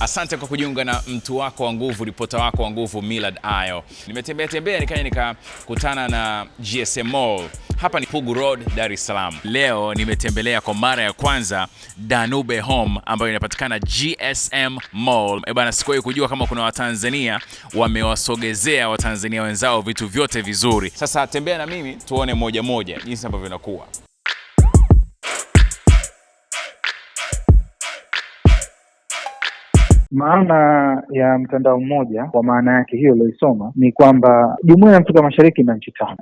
Asante kwa kujiunga na mtu wako wa nguvu, ripota wako wa nguvu Millard Ayo. Nimetembea tembea nikaja nikakutana na GSM Mall. Hapa ni Pugu Road, Dar es Salaam. Leo nimetembelea kwa mara ya kwanza Danube Home ambayo inapatikana GSM Mall. Eh bana, sikuwai kujua kama kuna Watanzania wamewasogezea Watanzania wenzao vitu vyote vizuri. Sasa tembea na mimi tuone moja moja jinsi ambavyo inakuwa. Maana ya mtandao mmoja kwa maana yake hiyo ilioisoma ni kwamba jumuia ya Afrika Mashariki ina nchi tano.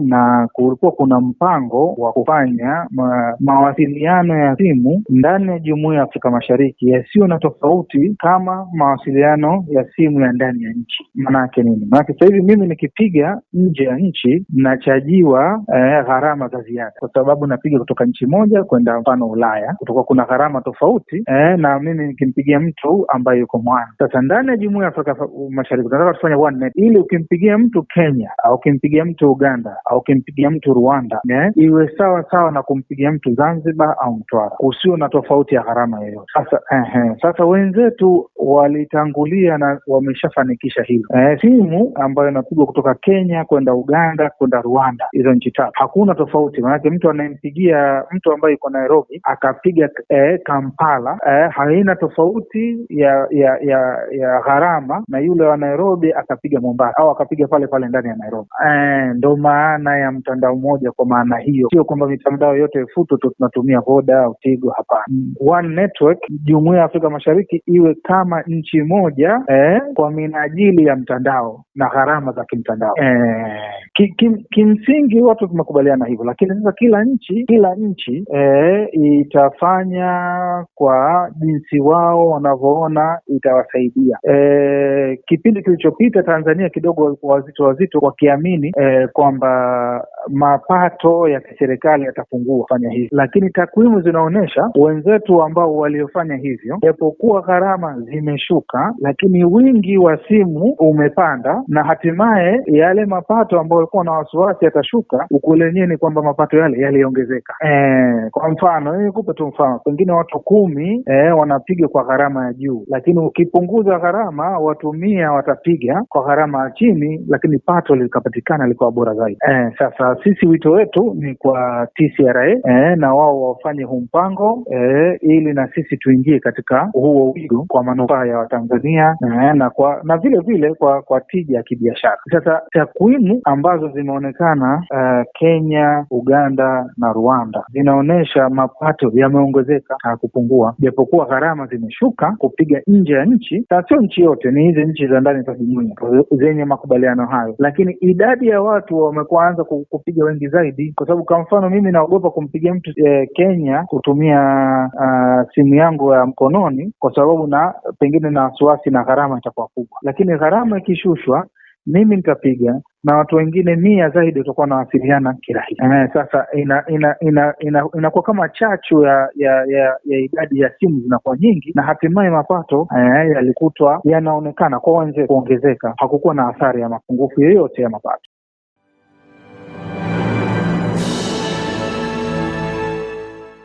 na kulikuwa kuna mpango wa kufanya ma, mawasiliano ya simu ndani ya jumuia ya Afrika Mashariki yasiyo na tofauti kama mawasiliano ya simu ya ndani ya nchi. yake nini? Maanake sasa hivi mimi nikipiga nje ya nchi nachajiwa eh, gharama za ziada, kwa sababu napiga kutoka nchi moja kwenda mfano Ulaya, kutokuwa kuna gharama tofauti eh, na mimi nikimpigia mtu am ambayo yuko mwana. Sasa ndani ya jumuiya ya Afrika Mashariki tunataka tufanye one net, ili ukimpigia mtu Kenya au ukimpigia mtu Uganda au ukimpigia mtu Rwanda yeah, iwe sawa sawa na kumpigia mtu Zanzibar au Mtwara, usio na tofauti ya gharama yoyote. Sasa ehe, sasa wenzetu walitangulia na wameshafanikisha hilo. Eh, simu ambayo inapigwa kutoka Kenya kwenda Uganda kwenda Rwanda, hizo nchi tatu, hakuna tofauti. Maanake mtu anayempigia mtu ambaye yuko Nairobi akapiga eh, Kampala eh, haina tofauti ya ya ya ya, gharama na yule wa Nairobi akapiga Mombasa au akapiga pale pale ndani ya Nairobi. Eh, Ndo maana ya mtandao mmoja. Kwa maana hiyo, sio kwamba mitandao yote ifutu tu tunatumia Voda utigo hapana. jumuia ya Afrika Mashariki iwe kama nchi moja e, kwa minajili ya mtandao na gharama za kimtandao e, kimsingi kim, watu tumekubaliana hivyo, lakini sasa kila nchi kila nchi e, itafanya kwa jinsi wao wanavyoona itawasaidia. E, kipindi kilichopita Tanzania kidogo walikuwa wazito wazito wakiamini e, kwamba mapato ya kiserikali yatapungua fanya hivi, lakini takwimu zinaonyesha wenzetu ambao waliofanya hivyo, japokuwa gharama zimeshuka, lakini wingi wa simu umepanda, na hatimaye yale mapato ambayo walikuwa na wasiwasi yatashuka, ukweli wenyewe ni kwamba mapato yale yaliongezeka. E, kwa mfano nikupe tu mfano, pengine watu kumi e, wanapiga kwa gharama ya juu lakini ukipunguza gharama, watumia watapiga kwa gharama ya chini, lakini pato likapatikana likawa bora zaidi. Eh, sasa sisi wito wetu ni kwa TCRA eh, na wao wafanye huu mpango eh, ili na sisi tuingie katika huo wigo kwa manufaa ya Watanzania eh, na kwa na vile vile kwa kwa tija ya kibiashara. Sasa takwimu ambazo zimeonekana uh, Kenya, Uganda na Rwanda zinaonyesha mapato yameongezeka, na kupungua japokuwa gharama zimeshuka kupiga nje ya nchi, na sio nchi yote, ni hizi nchi za ndani za jumuiya zenye makubaliano hayo, lakini idadi ya watu wamekuanza kupiga wengi zaidi, kwa sababu kwa mfano mimi naogopa kumpiga mtu eh, Kenya kutumia uh, simu yangu ya mkononi, kwa sababu na pengine na wasiwasi na gharama itakuwa kubwa, lakini gharama ikishushwa mimi nitapiga na watu wengine mia zaidi utakuwa wanawasiliana kirahisi. Eh, sasa inakuwa ina, ina, ina, ina kama chachu ya ya ya, ya idadi ya simu zinakuwa nyingi na hatimaye mapato eh, yalikutwa yanaonekana kwa wenze kuongezeka. Hakukuwa na athari ya mapungufu yoyote ya mapato.